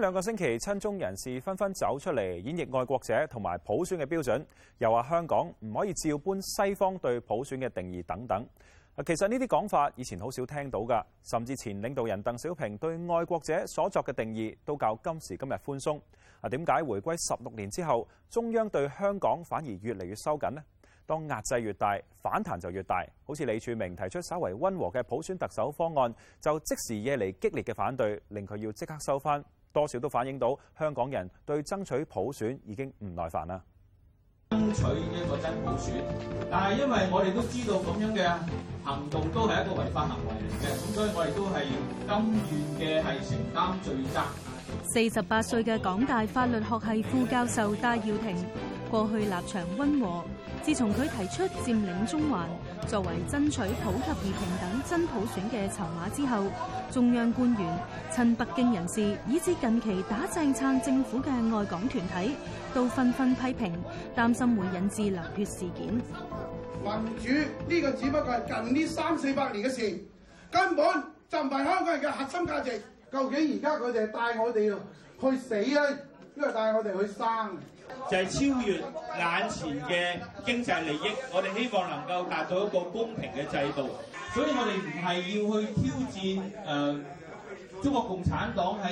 兩個星期，親中人士紛紛走出嚟演繹愛國者同埋普選嘅標準，又話香港唔可以照搬西方對普選嘅定義等等。其實呢啲講法以前好少聽到噶，甚至前領導人鄧小平對愛國者所作嘅定義都較今時今日寬鬆。啊，點解回歸十六年之後，中央對香港反而越嚟越收緊呢？當壓制越大，反彈就越大。好似李柱銘提出稍為温和嘅普選特首方案，就即時惹嚟激烈嘅反對，令佢要即刻收返。多少都反映到香港人對爭取普選已經唔耐煩啦。爭取一個真普選，但係因為我哋都知道咁樣嘅行動都係一個違法行為嚟嘅，咁所以我哋都係甘願嘅，係承擔罪責。四十八歲嘅港大法律學系副教授戴耀廷。過去立場溫和，自從佢提出佔領中環作為爭取普及而平等真普選嘅籌碼之後，中央官員、親北京人士以至近期打正撐政府嘅愛港團體都紛紛批評，擔心會引致流血事件。民主呢、呢個只不過係近呢三四百年嘅事，根本就唔係香港人嘅核心價值。究竟而家佢哋帶我哋去死啊，定係帶我哋去生？就係超越眼前嘅經濟利益，我哋希望能夠達到一個公平嘅制度。所以我哋唔係要去挑戰誒中國共產黨喺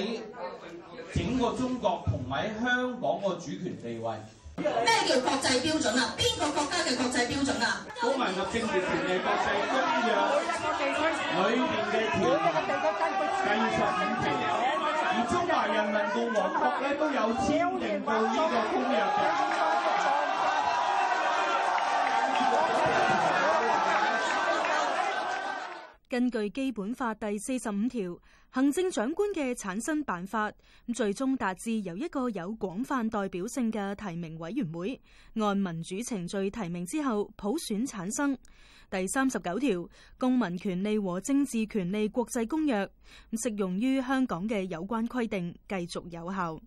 整個中國同埋喺香港個主權地位。咩叫國際標準啊？邊個國家嘅國際標準啊？公民及政治權利國際公約裏邊嘅條文。人民共和國咧都有認同呢個觀念。根據基本法第四十五條，行政長官嘅產生辦法最終達至由一個有廣泛代表性嘅提名委員會按民主程序提名之後普選產生。第三十九條《公民權利和政治權利國際公約》咁適用於香港嘅有關規定繼續有效。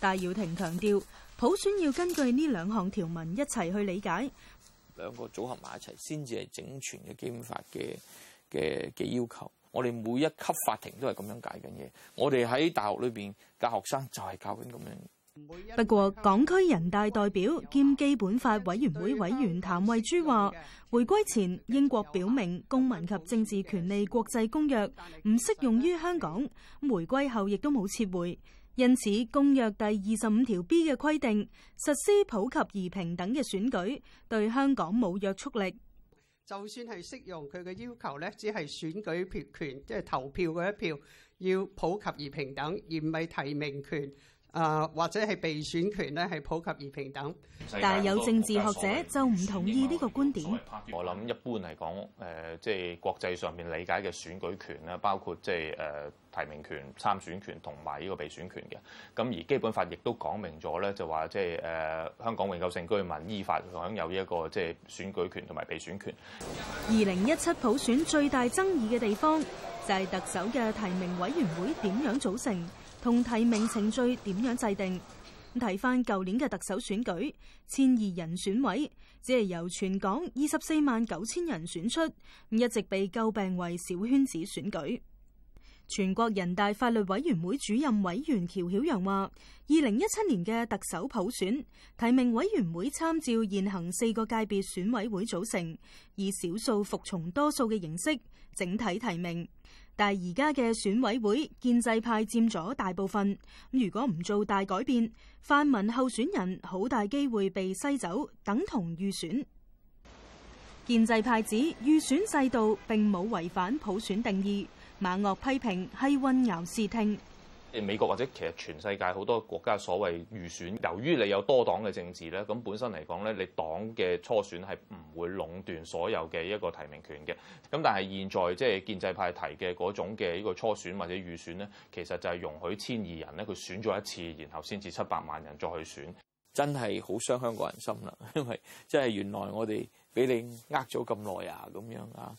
戴耀廷強調，普選要根據呢兩項條文一齊去理解，兩個組合埋一齊先至係整全嘅基本法嘅。嘅嘅要求，我哋每一級法庭都係咁樣解緊嘢。我哋喺大學裏邊教學生就係教緊咁樣。不過，港區人大代表兼基本法委員會委員譚慧珠話，回歸前英國表明《公民及政治權利國際公約》唔適用於香港，回歸後亦都冇撤回，因此公約第二十五條 B 嘅規定，實施普及而平等嘅選舉，對香港冇約束力。就算係適用佢嘅要求呢，只係選舉票權，即係投票嗰一票要普及而平等，而唔係提名權。誒或者係被選權咧，係普及而平等，但係有政治學者就唔同意呢個觀點。我諗一般嚟講，誒即係國際上面理解嘅選舉權咧，包括即係誒提名權、參選權同埋呢個被選權嘅。咁而基本法亦都講明咗咧，就話即係誒香港永久性居民依法享有呢一個即係選舉權同埋被選權。二零一七普選最大爭議嘅地方就係特首嘅提名委員會點樣組成？同提名程序點樣制定？提翻舊年嘅特首選舉，千二人選委只係由全港二十四萬九千人選出，一直被詬病為小圈子選舉。全國人大法律委員會主任委員喬曉陽話，二零一七年嘅特首普選提名委員會參照現行四個界別選委會組成，以少數服從多數嘅形式整體提名。但而家嘅選委會建制派佔咗大部分，如果唔做大改變，泛民候選人好大機會被篩走，等同預選。建制派指預選制度並冇違反普選定義。猛烈批評係混淆視聽。美國或者其實全世界好多國家所謂預選，由於你有多黨嘅政治咧，咁本身嚟講咧，你黨嘅初選係唔會壟斷所有嘅一個提名權嘅。咁但係現在即係建制派提嘅嗰種嘅呢個初選或者預選咧，其實就係容許千二人咧，佢選咗一次，然後先至七百萬人再去選，真係好傷香港人心啦！因為即係原來我哋俾你呃咗咁耐啊，咁樣啊。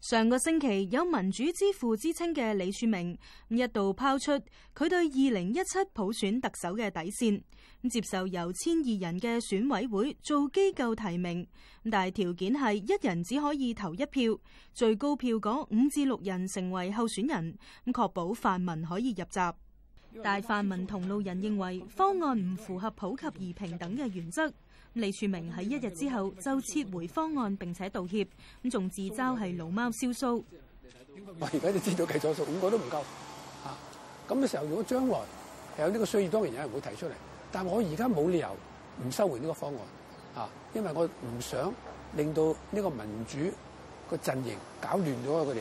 上個星期有民主之父之稱嘅李柱銘一度拋出佢對二零一七普選特首嘅底線，接受由千二人嘅選委會做機構提名，但條件係一人只可以投一票，最高票嗰五至六人成為候選人，咁確保泛民可以入閘。但泛民同路人認為方案唔符合普及而平等嘅原則。李柱銘喺一日之後就撤回方案並且道歉，咁仲自嘲係老貓燒鬚。喂，而家你知道計咗數，五個都唔夠啊！咁嘅時候，如果將來有呢個需要，當然有人會提出嚟。但我而家冇理由唔收回呢個方案啊，因為我唔想令到呢個民主個陣營搞亂咗啊！佢哋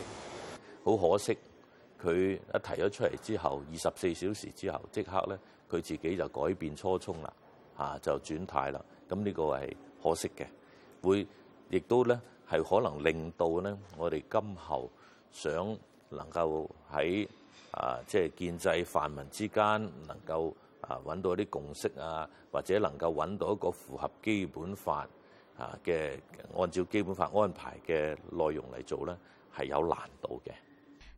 好可惜，佢一提咗出嚟之後，二十四小時之後即刻咧，佢自己就改變初衷啦，嚇、啊、就轉態啦。咁呢個係可惜嘅，會亦都咧係可能令到咧，我哋今後想能夠喺啊即係、就是、建制泛民之間能夠啊揾到一啲共識啊，或者能夠揾到一個符合基本法啊嘅按照基本法安排嘅內容嚟做咧，係有難度嘅。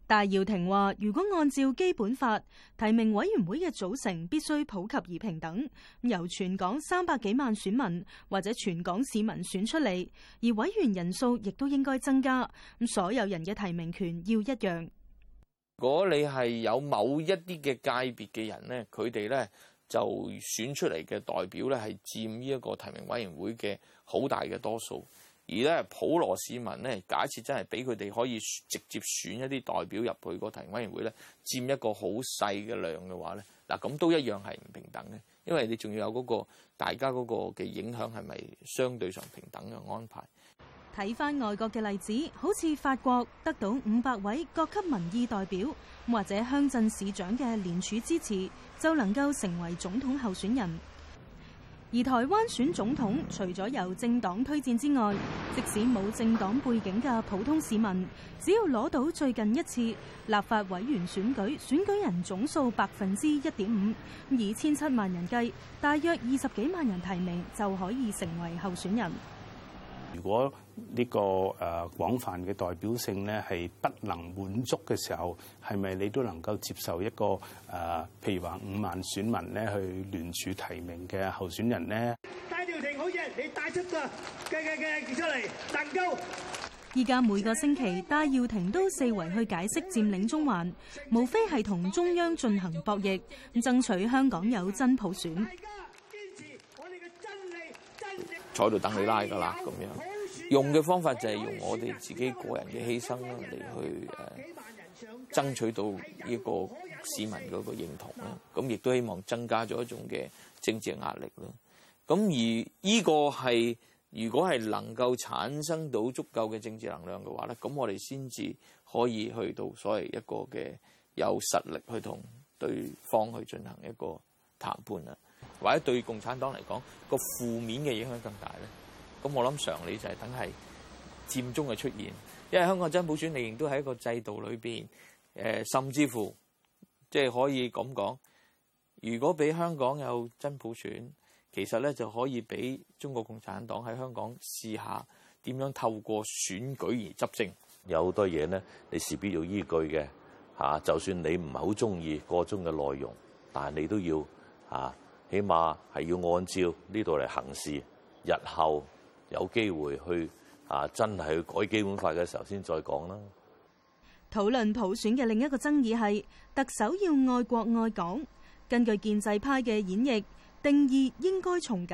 戴耀廷話，如果按照基本法，提名委員會嘅組成必須普及而平等，由全港三百幾萬選民或者全港市民選出嚟，而委員人數亦都應該增加，所有人嘅提名權要一樣。如果你係有某一啲嘅界別嘅人呢，佢哋呢就選出嚟嘅代表呢係佔呢一個提名委員會嘅好大嘅多數。而咧普羅市民咧，假設真係俾佢哋可以直接選一啲代表入去個提名委員會咧，佔一個好細嘅量嘅話呢，嗱咁都一樣係唔平等嘅，因為你仲要有嗰個大家嗰個嘅影響係咪相對上平等嘅安排？睇翻外國嘅例子，好似法國得到五百位各級民意代表或者鄉鎮市長嘅聯署支持，就能夠成為總統候選人。而台灣選總統，除咗由政黨推薦之外，即使冇政黨背景嘅普通市民，只要攞到最近一次立法委員選舉選舉人總數百分之一點五，以千七萬人計，大約二十幾萬人提名就可以成為候選人。如果呢、這個誒廣泛嘅代表性咧係不能滿足嘅時候，係咪你都能夠接受一個誒？譬如話五萬選民咧去聯署提名嘅候選人呢？戴耀廷好嘢，你帶出個嘅嘅嘅出嚟，能夠。依家每個星期戴耀廷都四圍去解釋佔領中環，無非係同中央進行博弈，爭取香港有真普選。堅持我哋嘅真理真理，坐喺度等你拉㗎啦，咁樣。用嘅方法就係用我哋自己個人嘅犧牲啦，嚟去誒爭取到呢個市民嗰個認同啦。咁亦都希望增加咗一種嘅政治壓力咯。咁而呢個係如果係能夠產生到足夠嘅政治能量嘅話咧，咁我哋先至可以去到所謂一個嘅有實力去同對方去進行一個談判啊，或者對共產黨嚟講個負面嘅影響更大咧。咁我諗常理就係等係佔中嘅出現，因為香港真普選你仍都喺一個制度裏邊，誒、呃，甚至乎即係、就是、可以咁講，如果俾香港有真普選，其實咧就可以俾中國共產黨喺香港試下點樣透過選舉而執政。有好多嘢咧，你事必要依據嘅嚇、啊。就算你唔係好中意個中嘅內容，但係你都要嚇、啊，起碼係要按照呢度嚟行事。日後。有機會去啊，真係去改基本法嘅時候先再講啦。討論普選嘅另一個爭議係特首要愛國愛港。根據建制派嘅演繹，定義應該從緊。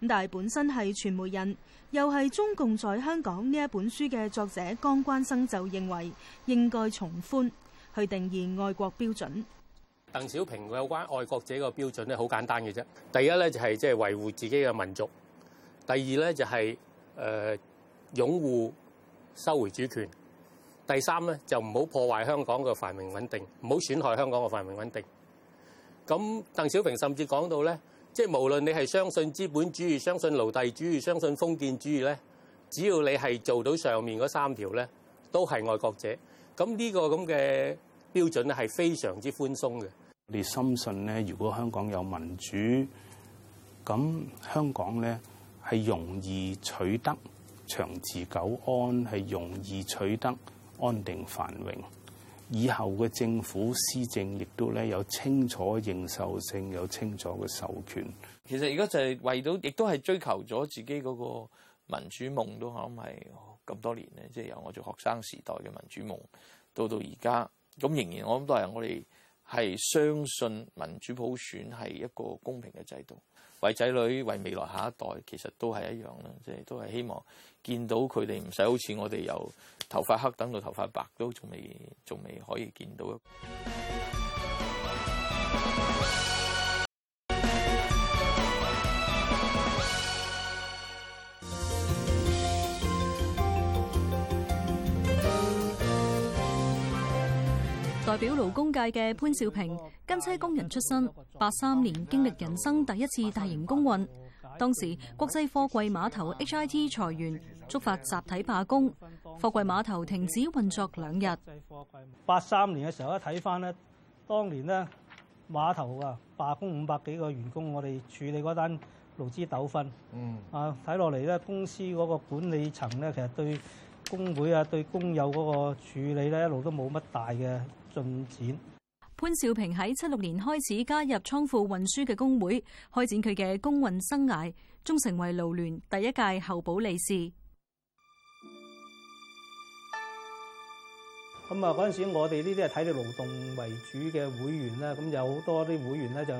咁但係本身係傳媒人，又係《中共在香港》呢一本書嘅作者江關生就認為應該從寬去定義愛國標準。鄧小平有關愛國者嘅標準呢，好簡單嘅啫。第一呢就係即係維護自己嘅民族。第二咧就係誒擁護收回主權。第三咧就唔好破壞香港嘅繁榮穩定，唔好損害香港嘅繁榮穩定。咁鄧小平甚至講到咧，即係無論你係相信資本主義、相信奴隸主義、相信封建主義咧，只要你係做到上面嗰三條咧，都係愛國者。咁呢個咁嘅標準咧係非常之寬鬆嘅。我哋深信咧，如果香港有民主，咁香港咧。係容易取得長治久安，係容易取得安定繁榮。以後嘅政府施政，亦都咧有清楚認受性，有清楚嘅授權。其實而家就係為到，亦都係追求咗自己嗰個民主夢。都可諗係咁多年咧，即係由我做學生時代嘅民主夢，到到而家咁，咁仍然我諗都係我哋。係相信民主普選係一個公平嘅制度，為仔女，為未來下一代，其實都係一樣啦。即係都係希望見到佢哋，唔使好似我哋由頭髮黑等到頭髮白，都仲未仲未可以見到。表勞工界嘅潘兆平，跟車工人出身，八三年經歷人生第一次大型工運，當時國際貨櫃碼頭 H.I.T 裁員，觸發集體罷工，貨櫃碼頭停止運作兩日。八三年嘅時候一睇翻呢當年呢碼頭啊罷工五百幾個員工，我哋處理嗰單勞資糾紛啊，睇落嚟呢公司嗰個管理層呢，其實對工會啊、對工友嗰個處理呢，一路都冇乜大嘅。進展。潘兆平喺七六年開始加入倉庫運輸嘅工會，開展佢嘅工運生涯，終成為勞聯第一屆候補理事。咁啊，嗰陣時我哋呢啲係體力勞動為主嘅會員啦，咁有好多啲會員咧就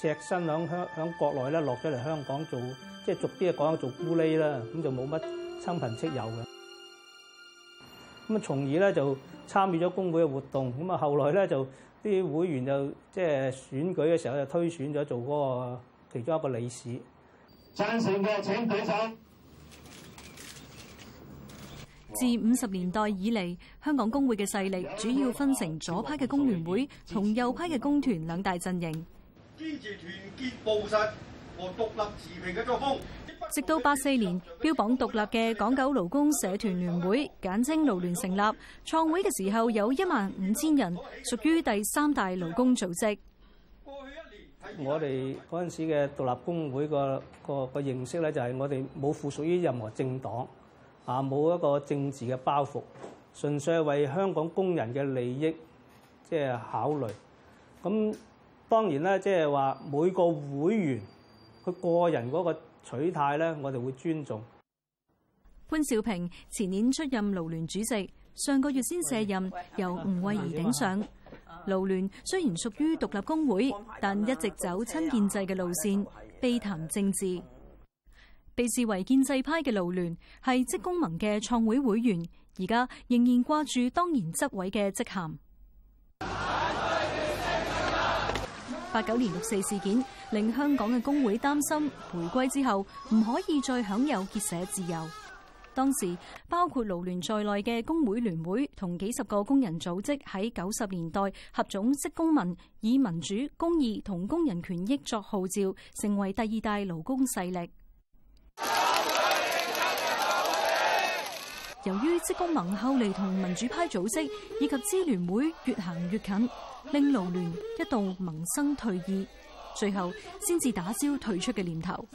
隻身響香響國內咧落咗嚟香港做，即係俗啲講做咕喱啦，咁就冇乜親朋戚友嘅。咁啊，從而咧就參與咗工會嘅活動。咁啊，後來咧就啲會員就即係、就是、選舉嘅時候就推選咗做嗰、那個其中一個理事。贊成嘅請舉手。自五十年代以嚟，香港工會嘅勢力主要分成左派嘅工聯會同右派嘅工團兩大陣營，堅持團結、務實和獨立持平嘅作風。直到八四年，標榜獨立嘅港九勞工社團聯會簡稱勞聯成立，創會嘅時候有一萬五千人，屬於第三大勞工組織。過去一年，我哋嗰陣時嘅獨立工會個個個形式咧，就係我哋冇附屬於任何政黨，啊，冇一個政治嘅包袱，純粹係為香港工人嘅利益即係考慮。咁當然啦，即係話每個會員佢個人嗰個。取態呢，我哋會尊重。潘兆平前年出任勞聯主席，上個月先卸任，由吳慧儀頂上。勞聯雖然屬於獨立工會，但一直走親建制嘅路線，避談政治。被視為建制派嘅勞聯係職工盟嘅創會會員，而家仍然掛住當年執委嘅職銜。八九年六四事件令香港嘅工會擔心，回歸之後唔可以再享有結社自由。當時包括勞聯在內嘅工會聯會同幾十個工人組織喺九十年代合組職工盟，以民主、公義同工人權益作號召，成為第二大勞工勢力。由於職工盟後嚟同民主派組織以及支聯會越行越近，令勞聯一度萌生退意，最後先至打消退出嘅念頭。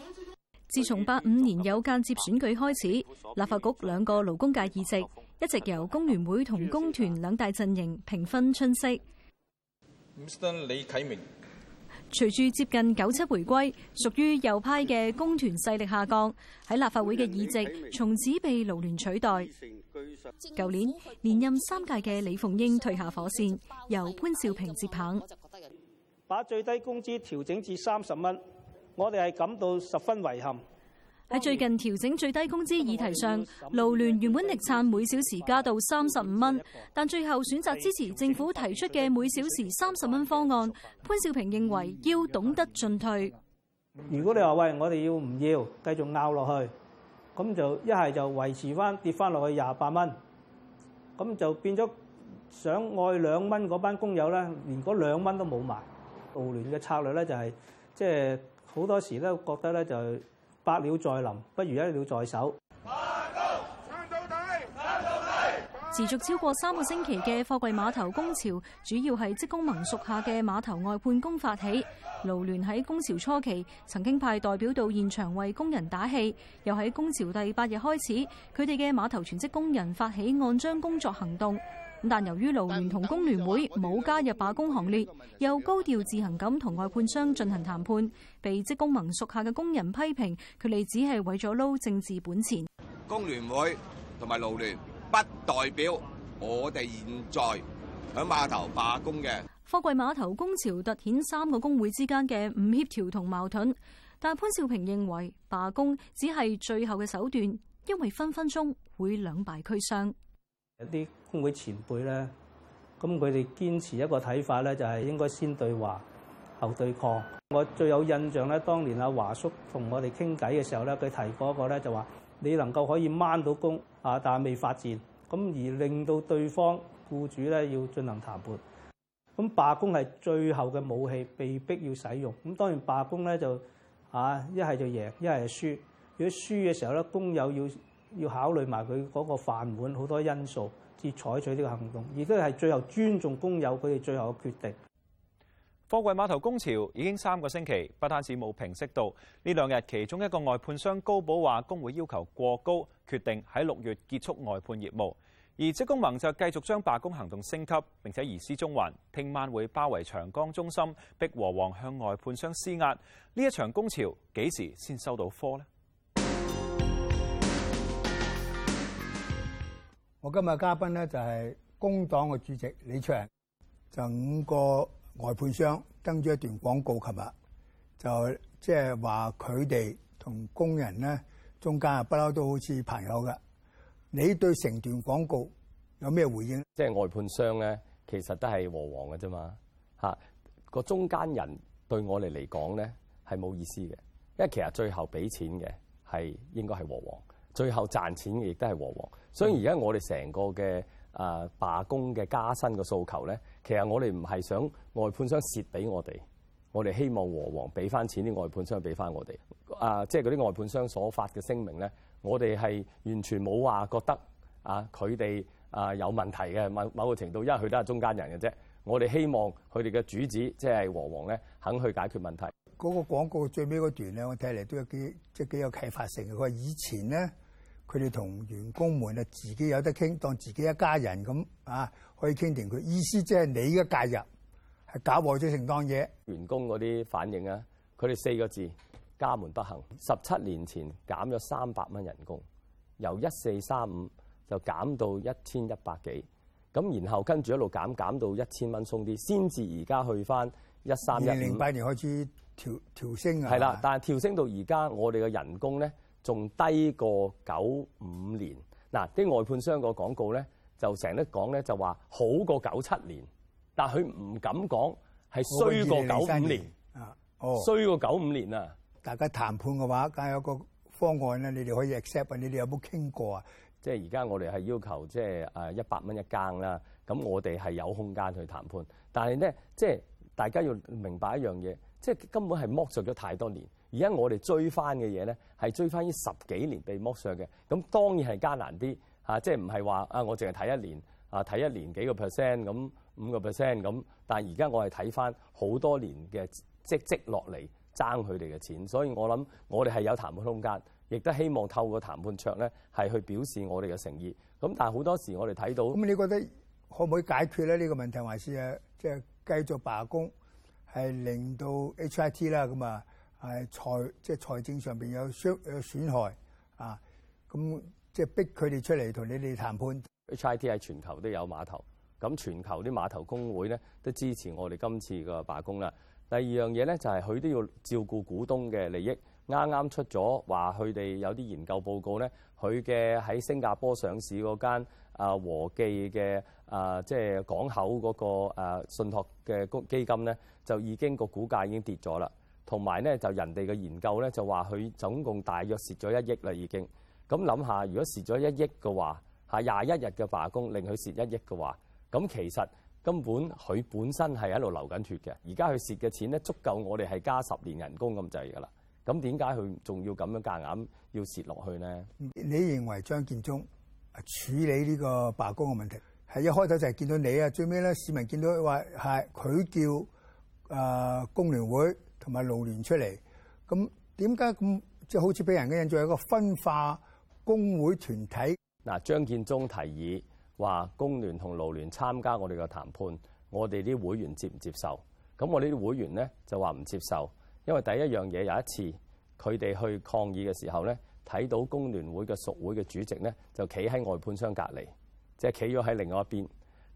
自從八五年有間接選舉開始，立法局兩個勞工界議席一直由工聯會同工團兩大陣營平分春色。Mr 李啟明。隨住接近九七回歸，屬於右派嘅工團勢力下降，喺立法會嘅議席從此被勞聯取代。舊年連任三屆嘅李鳳英退下火線，由潘兆平接棒。把最低工資調整至三十蚊，我哋係感到十分遺憾。喺最近調整最低工資議題上，勞聯原本力撐每小時加到三十五蚊，但最後選擇支持政府提出嘅每小時三十蚊方案。潘兆平認為要懂得進退。如果你話喂，我哋要唔要繼續拗落去，咁就一係就維持翻跌翻落去廿八蚊，咁就變咗想愛兩蚊嗰班工友咧，連嗰兩蚊都冇埋。勞聯嘅策略咧就係，即係好多時咧覺得咧就。百鳥在林，不如一鳥在手。持續超過三個星期嘅貨櫃碼頭工潮，主要係職工盟屬下嘅碼頭外判工發起。勞聯喺工潮初期曾經派代表到現場為工人打氣，又喺工潮第八日開始，佢哋嘅碼頭全職工人發起按章工作行動。但由於勞聯同工聯會冇加入罷工行列，又高調自行咁同外判商進行談判，被職工盟屬下嘅工人批評，佢哋只係為咗撈政治本錢。工聯會同埋勞聯不代表我哋現在響碼頭罷工嘅。貨櫃碼頭工潮突顯三個工會之間嘅唔協調同矛盾，但潘兆平認為罷工只係最後嘅手段，因為分分鐘會兩敗俱傷。一啲。工會前輩咧，咁佢哋堅持一個睇法咧，就係應該先對話後對抗。我最有印象咧，當年阿華叔同我哋傾偈嘅時候咧，佢提過一個咧，就話你能夠可以掹到工啊，但係未發展咁，而令到對方雇主咧要進行談判。咁罷工係最後嘅武器，被逼要使用。咁當然罷工咧就啊，一係就贏，一係就輸。如果輸嘅時候咧，工友要要考慮埋佢嗰個飯碗好多因素。至採取呢個行動，亦都係最後尊重工友佢哋最後嘅決定。貨櫃碼頭工潮已經三個星期，不單止冇平息到，呢兩日其中一個外判商高寶話，工會要求過高，決定喺六月結束外判業務。而職工盟就繼續將罷工行動升級，並且移師中環，聽晚會包圍長江中心，逼和黃向外判商施壓。呢一場工潮幾時先收到科呢？我今日嘉賓咧就係工黨嘅主席李卓人。就五個外判商登咗一段廣告，琴日就即係話佢哋同工人咧中間啊不嬲都好似朋友嘅。你對成段廣告有咩回應？即係外判商咧，其實都係和黃嘅啫嘛，吓、啊、個中間人對我哋嚟講咧係冇意思嘅，因為其實最後俾錢嘅係應該係和黃。最後賺錢嘅亦都係和黃。所以而家我哋成個嘅啊罷工嘅加薪嘅訴求咧，其實我哋唔係想外判商蝕俾我哋，我哋希望和黃俾翻錢啲外判商俾翻我哋。啊，即係嗰啲外判商所發嘅聲明咧，我哋係完全冇話覺得啊佢哋啊有問題嘅某某個程度，因為佢都係中間人嘅啫。我哋希望佢哋嘅主子即係和黃咧肯去解決問題。嗰、那個廣告最尾嗰段咧，我睇嚟都有幾即係幾有啟發性嘅。佢話以前咧。佢哋同員工們啊，自己有得傾，當自己一家人咁啊，可以傾掂佢意思，即係你嘅介入係搞壞咗成檔嘢。員工嗰啲反應啊，佢哋四個字：家門不幸」。十七年前減咗三百蚊人工，由一四三五就減到一千一百幾，咁然後跟住一路減減到一千蚊鬆啲，先至而家去翻一三一五。二零零八年開始調調升啊係啦，但係調升到而家我哋嘅人工咧。仲低過九五年，嗱、呃、啲外判商個廣告咧就成日講咧就話好過九七年，但係佢唔敢講係衰過九五年啊！哦，衰過九五年啊！大家談判嘅話，梗係有個方案咧，你哋可以 accept。啊。你哋有冇傾過啊？即係而家我哋係要求即係誒一百蚊一更啦，咁我哋係有空間去談判，但係咧即係大家要明白一樣嘢，即係根本係剝削咗太多年。而家我哋追翻嘅嘢咧，係追翻呢十幾年被剝削嘅，咁當然係艱難啲嚇、啊，即係唔係話啊？我淨係睇一年啊，睇一年幾個 percent 咁，五個 percent 咁。但係而家我係睇翻好多年嘅積積落嚟爭佢哋嘅錢，所以我諗我哋係有談判空間，亦都希望透過談判桌咧係去表示我哋嘅誠意。咁但係好多時我哋睇到咁，你覺得可唔可以解決咧？呢個問題還是誒即係繼續罷工，係令到 HIT 啦咁啊？係財即係財政上邊有傷有損害啊！咁即係逼佢哋出嚟同你哋談判。H I T 喺全球都有碼頭，咁全球啲碼頭工會咧都支持我哋今次嘅罷工啦。第二樣嘢咧就係、是、佢都要照顧股東嘅利益。啱啱出咗話，佢哋有啲研究報告咧，佢嘅喺新加坡上市嗰間啊和記嘅啊即係港口嗰、那個、啊、信託嘅基金咧，就已經個股價已經跌咗啦。同埋咧，就人哋嘅研究咧，就話佢總共大約蝕咗一億啦，已經咁諗下。如果蝕咗一億嘅話，係廿一日嘅罷工令佢蝕一億嘅話，咁其實根本佢本身係喺度流緊血嘅。而家佢蝕嘅錢咧，足夠我哋係加十年人工咁滯嘅啦。咁點解佢仲要咁樣夾硬要蝕落去咧？你認為張建宗處理呢個罷工嘅問題，係一開頭就係見到你啊，最尾咧市民見到話係佢叫誒、呃、工聯會。同埋勞聯出嚟，咁點解咁即係好似俾人嘅印象係一個分化工會團體？嗱，張建宗提議話工聯同勞聯參加我哋嘅談判，我哋啲會員接唔接受？咁我啲會員咧就話唔接受，因為第一樣嘢有一次佢哋去抗議嘅時候咧，睇到工聯會嘅屬會嘅主席咧就企喺外判商隔離，即係企咗喺另外一邊。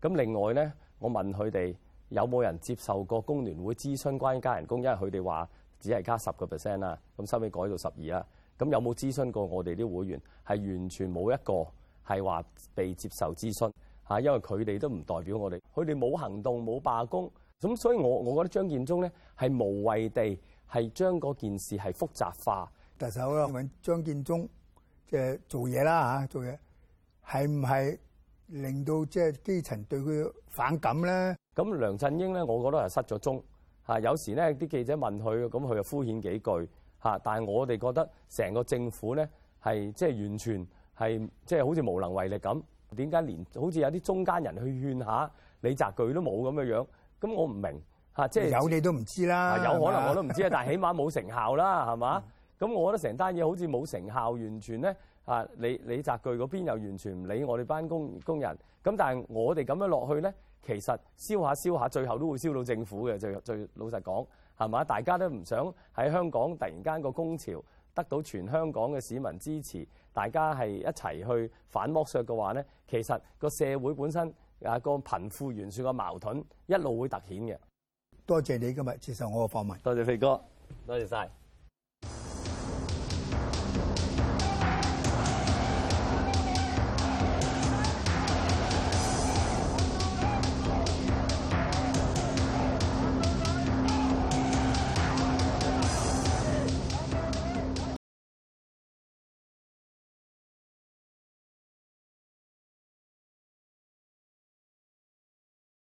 咁另外咧，我問佢哋。有冇人接受過工聯會諮詢關於加人工？因為佢哋話只係加十個 percent 啦，咁收尾改到十二啦。咁有冇諮詢過我哋啲會員？係完全冇一個係話被接受諮詢嚇，因為佢哋都唔代表我哋，佢哋冇行動冇罷工。咁所以我我覺得張建宗咧係無謂地係將嗰件事係複雜化。但係好啦，問張建宗誒、即係、做嘢啦嚇，做嘢係唔係？是令到即係基層對佢反感咧。咁梁振英咧，我覺得係失咗蹤嚇。有時咧，啲記者問佢，咁佢就敷衍幾句嚇。但係我哋覺得成個政府咧係即係完全係即係好似無能為力咁。點解連好似有啲中間人去勸下李澤鉅都冇咁嘅樣？咁我唔明嚇。即係有你都唔知啦。有可能我都唔知啊，但係起碼冇成效啦，係嘛？咁 我覺得成單嘢好似冇成效，完全咧。啊！李、李澤鉅嗰邊又完全唔理我哋班工工人，咁但係我哋咁樣落去呢，其實燒下燒下，最後都會燒到政府嘅。最最老實講，係嘛？大家都唔想喺香港突然間個工潮得到全香港嘅市民支持，大家係一齊去反剝削嘅話呢，其實個社會本身啊、個貧富懸殊嘅矛盾一路會凸顯嘅。多謝你今日接受我嘅訪問。多謝飛哥，多謝晒。